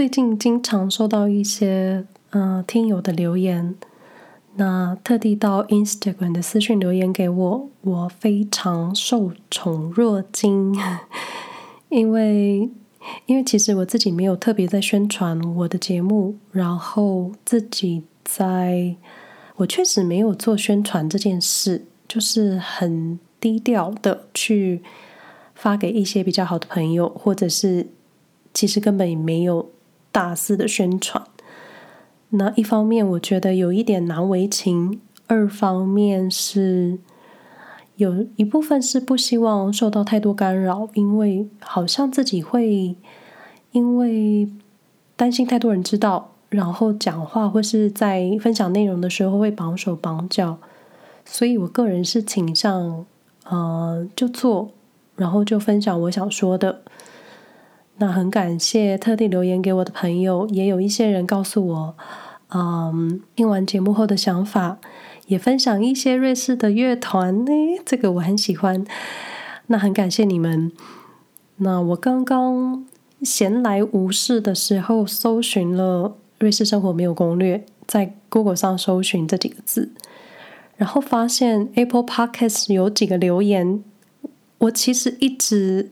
最近經常收到一些嗯、呃、聽友的留言，那特地到 Instagram 的私訊留言給我，我非常受寵若驚，因為因為其實我自己沒有特別在宣傳我的節目，然後自己在我確實沒有做宣傳這件事，就是很低調的去發給一些比較好的朋友，或者是其實根本也沒有。大肆的宣傳，那一方面我覺得有一點難為情，二方面是有一部分是不希望受到太多干擾，因為好像自己會因為擔心太多人知道，然後講話或是在分享內容的時候會綁手綁腳，所以我個人是傾向，嗯、呃，就做，然後就分享我想說的。那很感謝特地留言給我的朋友，也有一些人告訴我，嗯，聽完節目後的想法，也分享一些瑞士的樂團呢，這個我很喜歡。那很感謝你們。那我剛剛閒來無事的時候，搜尋了《瑞士生活沒有攻略》，在 Google 上搜尋這幾個字，然後發現 Apple Podcast 有幾個留言，我其實一直。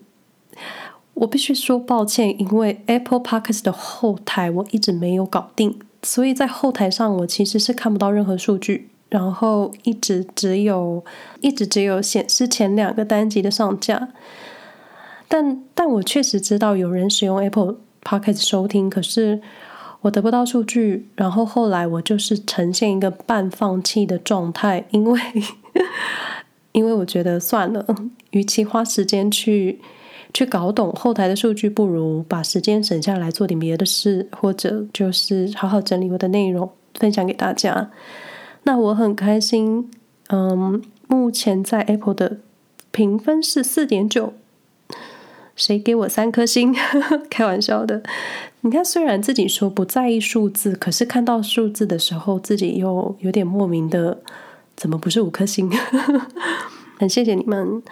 我必須說抱歉，因為 Apple Podcast 的後台我一直沒有搞定，所以在後台上我其實是看不到任何數據，然後一直只有，一直只有顯示前兩個單集的上架。但但我確實知道有人使用 Apple Podcast 收聽，可是我得不到數據。然後後來我就是呈現一個半放棄的狀態，因為 因為我覺得算了，與其花時間去。去搞懂後臺的數據，不如把時間省下來做點別的事，或者就是好好整理我的內容，分享給大家。那我很開心，嗯，目前在 Apple 的評分是四點九，誰給我三顆星？開玩笑的。你看，雖然自己說不在意數字，可是看到數字的時候，自己又有點莫名的，怎麼不是五顆星？很謝謝你們。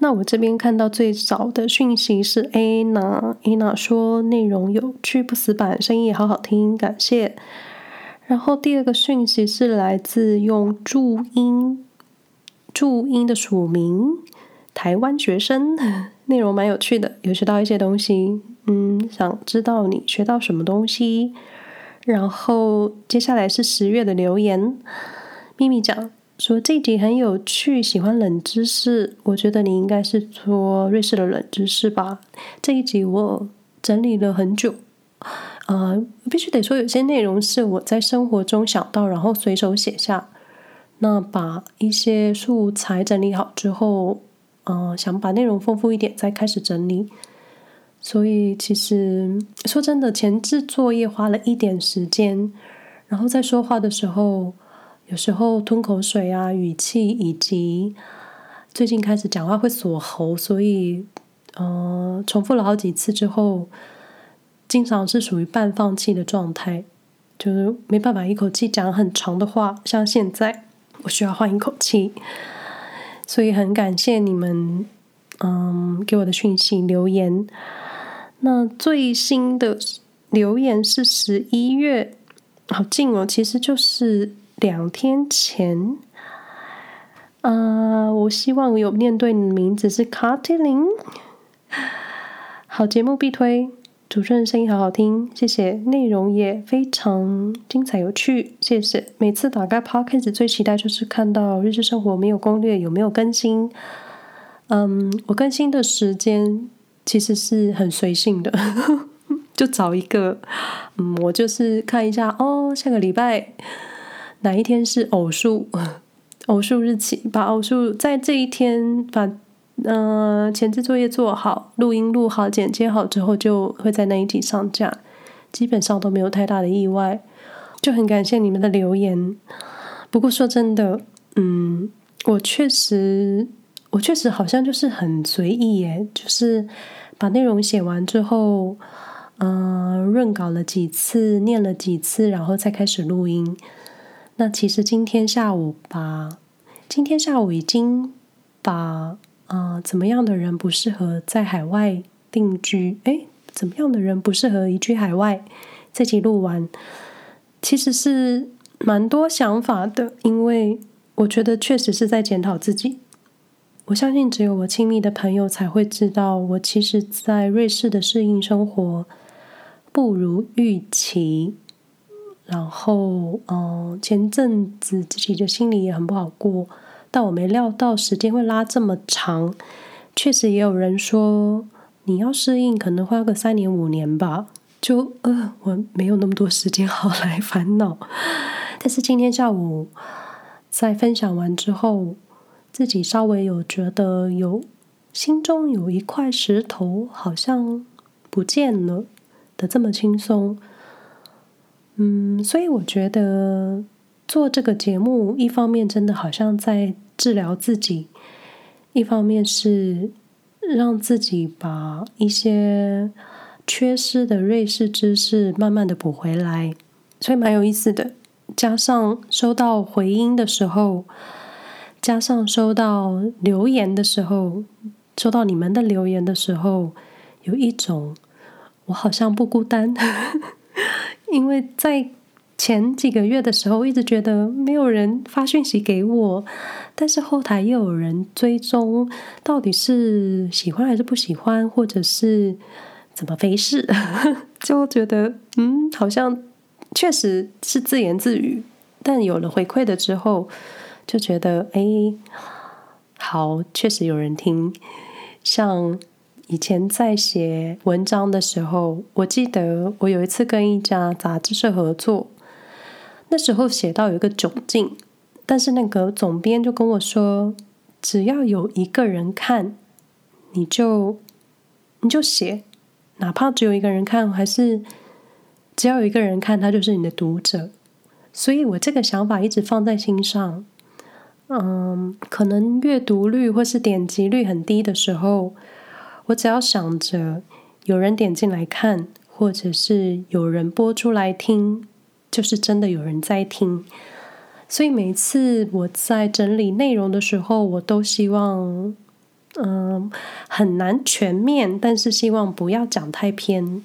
那我這邊看到最早的訊息是 Anna，Anna 說內容有趣不死板，聲音也好好聽，感謝。然後第二個訊息是來自用注音注音的署名台灣學生，內 容蠻有趣的，有學到一些東西。嗯，想知道你學到什麼東西？然後接下來是十月的留言，秘密講。說這一集很有趣，喜歡冷知識。我覺得你應該是說瑞士的冷知識吧？這一集我整理了很久，啊、呃，必須得說有些內容是我在生活中想到，然後隨手寫下。那把一些素材整理好之後，嗯、呃，想把內容豐富一點再開始整理。所以其實說真的，前置作業花了一點時間，然後在說話的時候。有時候吞口水啊，語氣以及最近開始講話會鎖喉，所以嗯、呃，重複了好幾次之後，經常是屬於半放棄的狀態，就是沒辦法一口氣講很長的話。像現在我需要換一口氣，所以很感謝你們嗯給我的訊息留言。那最新的留言是十一月，好近哦，其實就是，兩天前，啊、呃、我希望有面對你的名字是卡蒂琳，好節目必推，主持人聲音好好聽，謝謝，內容也非常精彩有趣，謝謝。每次打開 Podcast，最期待就是看到日式生活沒有攻略有沒有更新。嗯，我更新的時間其實是很隨性的， 就找一個，嗯，我就是看一下哦，下個禮拜。哪一天是偶數？ 偶數日期，把偶數在這一天把嗯、呃、前置作業做好，錄音錄好，剪接好之後，就會在那一天上架。基本上都沒有太大的意外，就很感謝你們的留言。不過說真的，嗯，我確實我確實好像就是很隨意耶，就是把內容寫完之後，嗯、呃，潤稿了幾次，念了幾次，然後再開始錄音。那其實今天下午把今天下午已經把啊、呃、怎麼樣的人不適合在海外定居？誒，怎麼樣的人不適合移居海外？這集錄完，其實是蠻多想法的，因為我覺得確實是在檢討自己。我相信只有我親密的朋友才會知道，我其實，在瑞士的適應生活不如預期。然後，嗯，前陣子自己的心裡也很不好過，但我沒料到時間會拉這麼長。確實也有人說你要適應，可能花個三年五年吧。就，呃，我沒有那麼多時間好來煩惱。但是今天下午在分享完之後，自己稍微有覺得有心中有一塊石頭好像不見了的這麼輕鬆。嗯，所以我覺得做這個節目，一方面真的好像在治療自己，一方面是讓自己把一些缺失的瑞士知識慢慢的補回來，所以蠻有意思的。加上收到回音的時候，加上收到留言的時候，收到你們的留言的時候，有一種我好像不孤單。因為在前幾個月的時候，一直覺得沒有人發訊息給我，但是後台又有人追蹤，到底是喜歡還是不喜歡，或者是怎麼回事， 就覺得嗯，好像確實是自言自語。但有了回饋的之後，就覺得誒，好，確實有人聽，像。以前在寫文章的時候，我記得我有一次跟一家雜誌社合作，那時候寫到有一個窘境，但是那個總編就跟我說：“只要有一個人看，你就你就寫，哪怕只有一個人看，還是只要有一個人看，他就是你的讀者。”所以，我這個想法一直放在心上。嗯，可能閱讀率或是點擊率很低的時候。我只要想着有人點進來看，或者是有人播出來聽，就是真的有人在聽。所以每次我在整理內容的時候，我都希望，嗯、呃，很難全面，但是希望不要講太偏，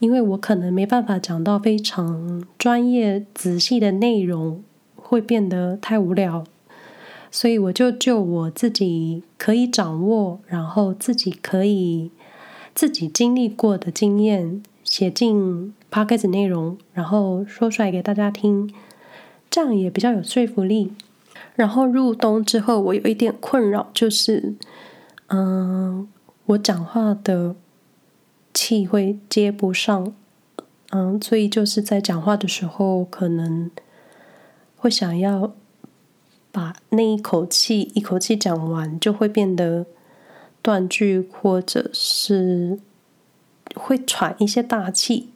因為我可能沒辦法講到非常專業、仔細的內容，會變得太無聊。所以我就就我自己可以掌握，然後自己可以自己經歷過的經驗寫進 podcast 內容，然後說出來給大家聽，這樣也比較有說服力。然後入冬之後，我有一點困擾，就是嗯，我講話的氣會接不上，嗯，所以就是在講話的時候可能會想要。把那一口氣一口氣講完，就會變得斷句，或者是會喘一些大氣。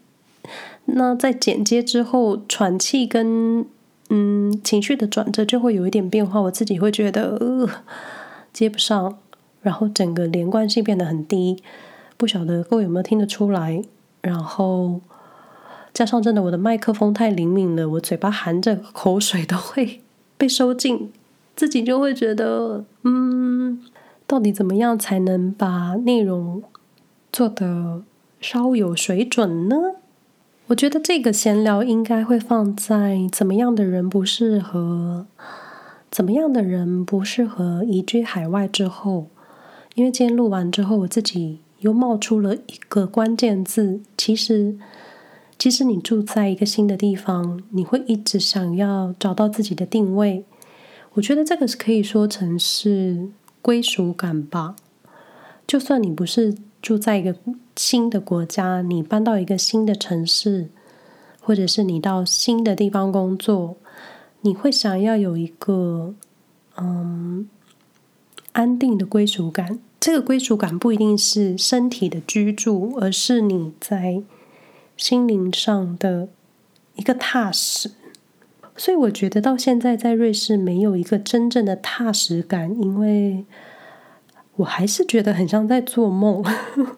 那在剪接之後，喘氣跟嗯情緒的轉折就會有一點變化。我自己會覺得，呃，接不上，然後整個連貫性變得很低。不曉得各位有沒有聽得出來？然後加上真的我的麥克風太靈敏了，我嘴巴含着口水都會。被收進，自己就會覺得，嗯，到底怎麼樣才能把內容做得稍有水準呢？我覺得這個閒聊應該會放在怎麼樣的人不適合，怎麼樣的人不適合移居海外之後，因為今天錄完之後，我自己又冒出了一個關鍵字，其實。其實你住在一個新的地方，你會一直想要找到自己的定位。我覺得這個是可以說成是歸屬感吧？就算你不是住在一個新的國家，你搬到一個新的城市，或者是你到新的地方工作，你會想要有一個嗯，安定的歸屬感。這個歸屬感不一定是身體的居住，而是你在。心靈上的一個踏實，所以我覺得到現在在瑞士沒有一個真正的踏實感，因為我還是覺得很像在做夢。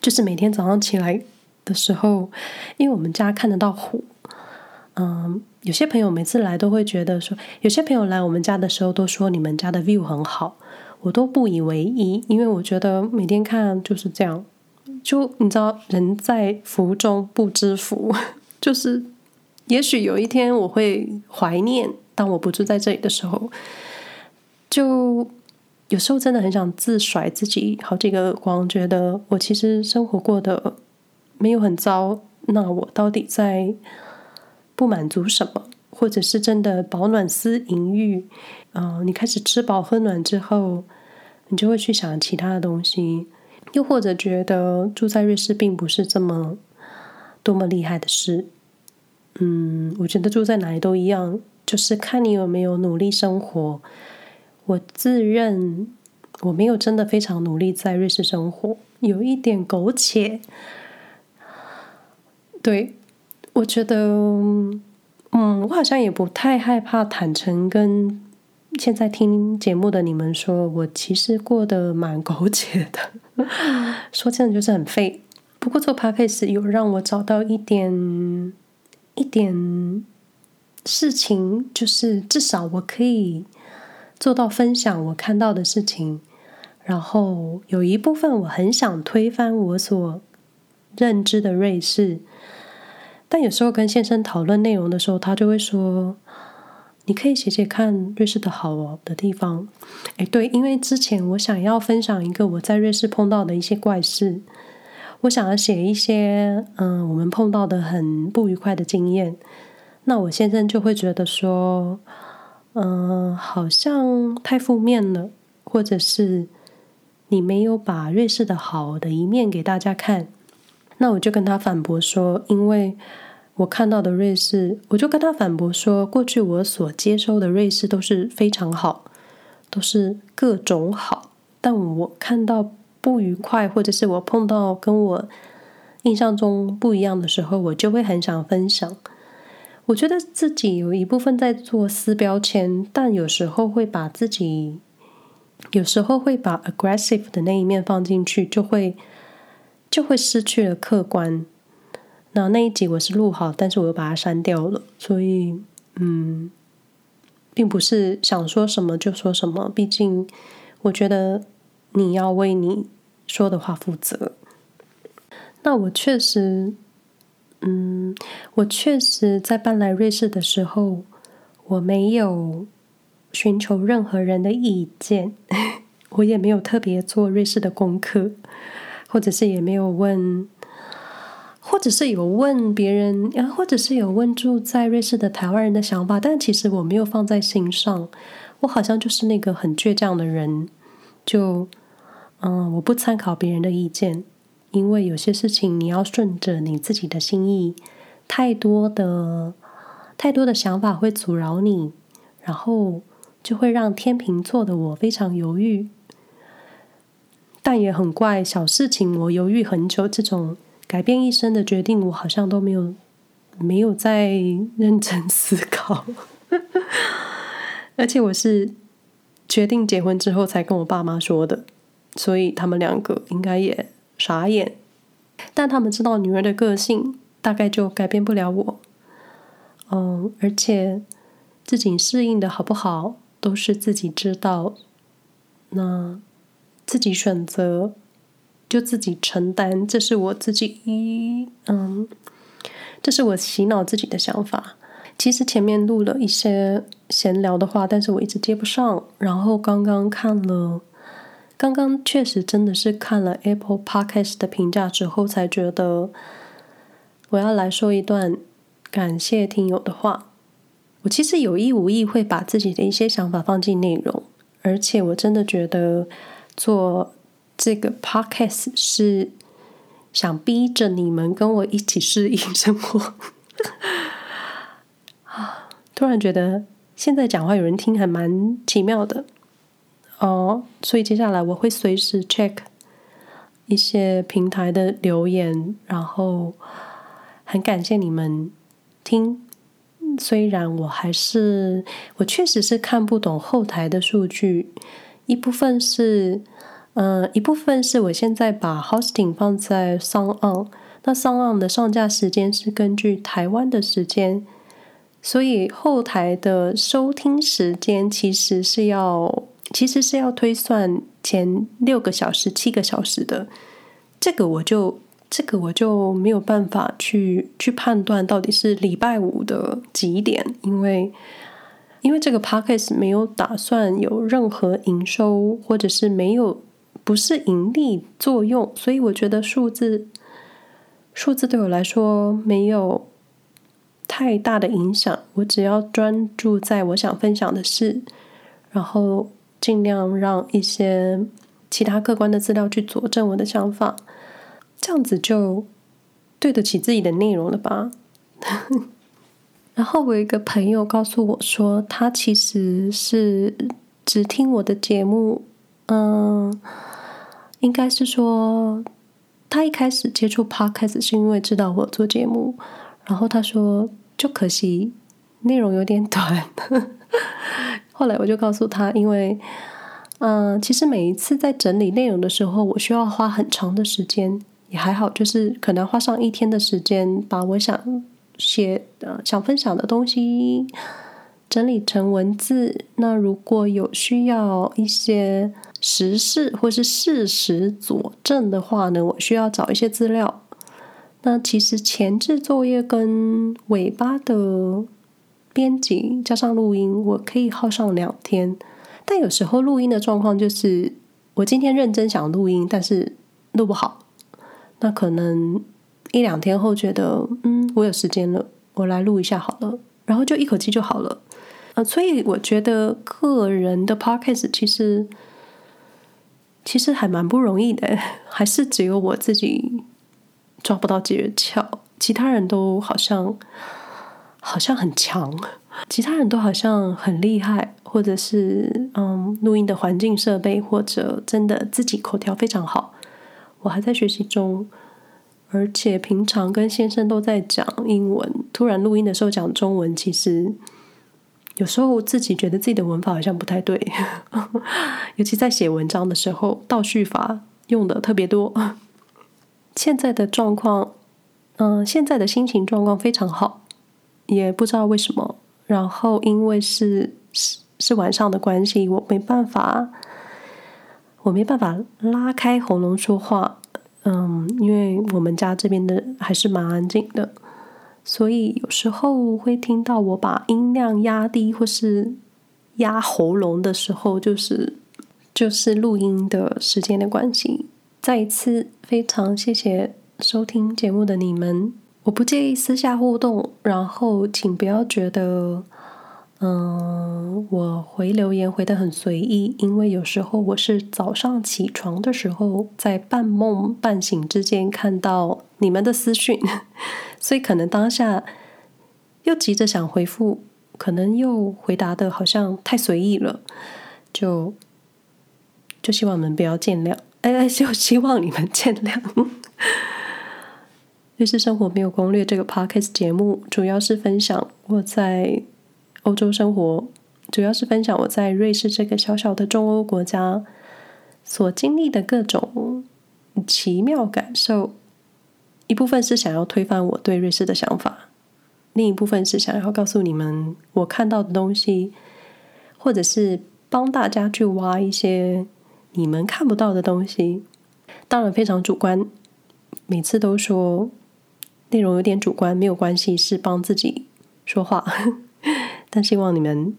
就是每天早上起來的時候，因為我們家看得到湖，嗯，有些朋友每次來都會覺得說，有些朋友來我們家的時候都說你們家的 view 很好，我都不以為意，因為我覺得每天看就是這樣。就你知道，人在福中不知福，就是也許有一天我會懷念，當我不住在這裡的時候，就有時候真的很想自甩自己好幾個耳光，覺得我其實生活過得沒有很糟，那我到底在不滿足什麼，或者是真的飽暖思淫欲？嗯、呃，你開始吃飽喝暖之後，你就會去想其他的東西。又或者覺得住在瑞士並不是這麼多麼厲害的事，嗯，我覺得住在哪裡都一樣，就是看你有沒有努力生活。我自認我沒有真的非常努力在瑞士生活，有一點苟且。對，我覺得，嗯，我好像也不太害怕坦誠，跟現在聽節目的你們說，我其實過得蠻苟且的。說真的，就是很廢。不過做 podcast 有讓我找到一點一點事情，就是至少我可以做到分享我看到的事情，然後有一部分我很想推翻我所認知的瑞士。但有時候跟先生討論內容的時候，他就會說。你可以寫寫看瑞士的好，好的地方。哎，對，因為之前我想要分享一個我在瑞士碰到的一些怪事，我想要寫一些嗯、呃、我們碰到的很不愉快的經驗，那我先生就會覺得說，嗯、呃，好像太負面了，或者是你沒有把瑞士的好，好的一面給大家看，那我就跟他反駁說，因為。我看到的瑞士，我就跟他反駁說，過去我所接收的瑞士都是非常好，都是各種好。但我看到不愉快，或者是我碰到跟我印象中不一樣的時候，我就會很想分享。我覺得自己有一部分在做撕標籤，但有時候會把自己，有時候會把 aggressive 的那一面放進去，就會就會失去了客觀。那那一集我是錄好，但是我又把它刪掉了，所以嗯，並不是想說什麼就說什麼。畢竟我覺得你要為你說的話負責。那我確實，嗯，我確實在搬來瑞士的時候，我沒有尋求任何人的意見， 我也沒有特別做瑞士的功課，或者是也沒有問。或者是有問別人啊、呃，或者是有問住在瑞士的台灣人的想法，但其實我沒有放在心上。我好像就是那個很倔強的人，就嗯、呃，我不參考別人的意見，因為有些事情你要順着你自己的心意，太多的太多的想法會阻撓你，然後就會讓天秤座的我非常猶豫。但也很怪，小事情我猶豫很久這種。改變一生的決定，我好像都沒有沒有在認真思考。 而且我是決定結婚之後才跟我爸媽說的，所以他們兩個應該也傻眼。但他們知道女兒的個性，大概就改變不了我。嗯，而且自己適應的好不好，都是自己知道。那自己選擇。就自己承擔，這是我自己，嗯，這是我洗腦自己的想法。其實前面錄了一些閒聊的話，但是我一直接不上。然後剛剛看了，剛剛確實真的是看了 Apple Podcast 的評價之後，才覺得我要來說一段感謝聽友的話。我其實有意無意會把自己的一些想法放進內容，而且我真的覺得做。這個 podcast 是想逼着你們跟我一起適應生活 突然覺得現在講話有人聽還蠻奇妙的哦。Oh, 所以接下來我會隨時 check 一些平台的留言，然後很感謝你們聽。雖然我還是我確實是看不懂後台的數據，一部分是。嗯，一部分是我現在把 hosting 放在 Sound On，那 Sound On 的上架時間是根據台灣的時間，所以後台的收聽時間其實是要，其實是要推算前六個小時、七個小時的。這個我就，這個我就沒有辦法去去判斷到底是禮拜五的幾點，因為因為這個 podcast 沒有打算有任何營收，或者是沒有。不是盈利作用，所以我覺得數字數字對我來說沒有太大的影響。我只要專注在我想分享的事，然後盡量讓一些其他客觀的資料去佐證我的想法，這樣子就對得起自己的內容了吧。 然後我有一個朋友告訴我說，他其實是只聽我的節目，嗯。應該是說，他一開始接觸 Podcast 是因為知道我做節目，然後他說就可惜內容有點短。 後來我就告訴他，因為嗯、呃，其實每一次在整理內容的時候，我需要花很長的時間，也還好，就是可能花上一天的時間把我想寫、呃、想分享的東西。整理成文字，那如果有需要一些時事或是事實佐證的話呢，我需要找一些資料。那其實前置作業跟尾巴的編輯加上錄音，我可以耗上兩天。但有時候錄音的狀況就是，我今天認真想錄音，但是錄不好。那可能一兩天後覺得，嗯，我有時間了，我來錄一下好了，然後就一口氣就好了。啊、呃，所以我覺得個人的 podcast 其實其實還蠻不容易的，還是只有我自己抓不到訣竅，其他人都好像好像很強，其他人都好像很厲害，或者是嗯，錄音的環境設備或者真的自己口條非常好，我還在學習中，而且平常跟先生都在講英文，突然錄音的時候講中文，其實。有時候自己覺得自己的文法好像不太對，呵呵，尤其在寫文章的時候，倒敘法用的特別多。現在的狀況，嗯、呃，現在的心情狀況非常好，也不知道為什麼。然後因為是是是晚上的關係，我沒辦法，我沒辦法拉開喉嚨說話。嗯，因為我們家這邊的還是蠻安靜的。所以有時候會聽到我把音量壓低，或是壓喉嚨的時候，就是就是錄音的時間的關係。再一次非常謝謝收聽節目的你們，我不介意私下互動，然後請不要覺得。嗯，我回留言回的很隨意，因為有時候我是早上起床的時候，在半夢半醒之間看到你們的私訊，所以可能當下又急着想回復，可能又回答的好像太隨意了，就就希望你們不要見諒，哎，哎，就希望你們見諒。 日常生活沒有攻略這個 Podcast 節目，主要是分享我在。歐洲生活，主要是分享我在瑞士這個小小的中歐國家所經歷的各種奇妙感受。一部分是想要推翻我對瑞士的想法，另一部分是想要告訴你們我看到的東西，或者是幫大家去挖一些你們看不到的東西。當然非常主觀，每次都說內容有點主觀，沒有關係，是幫自己說話。但希望你們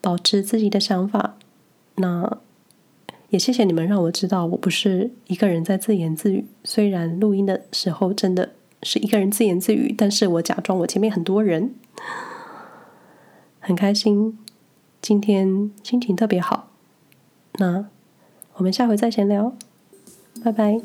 保持自己的想法。那也謝謝你們讓我知道我不是一個人在自言自語。雖然錄音的時候真的是一個人自言自語，但是我假裝我前面很多人，很開心。今天心情特別好。那我們下回再閒聊，拜拜。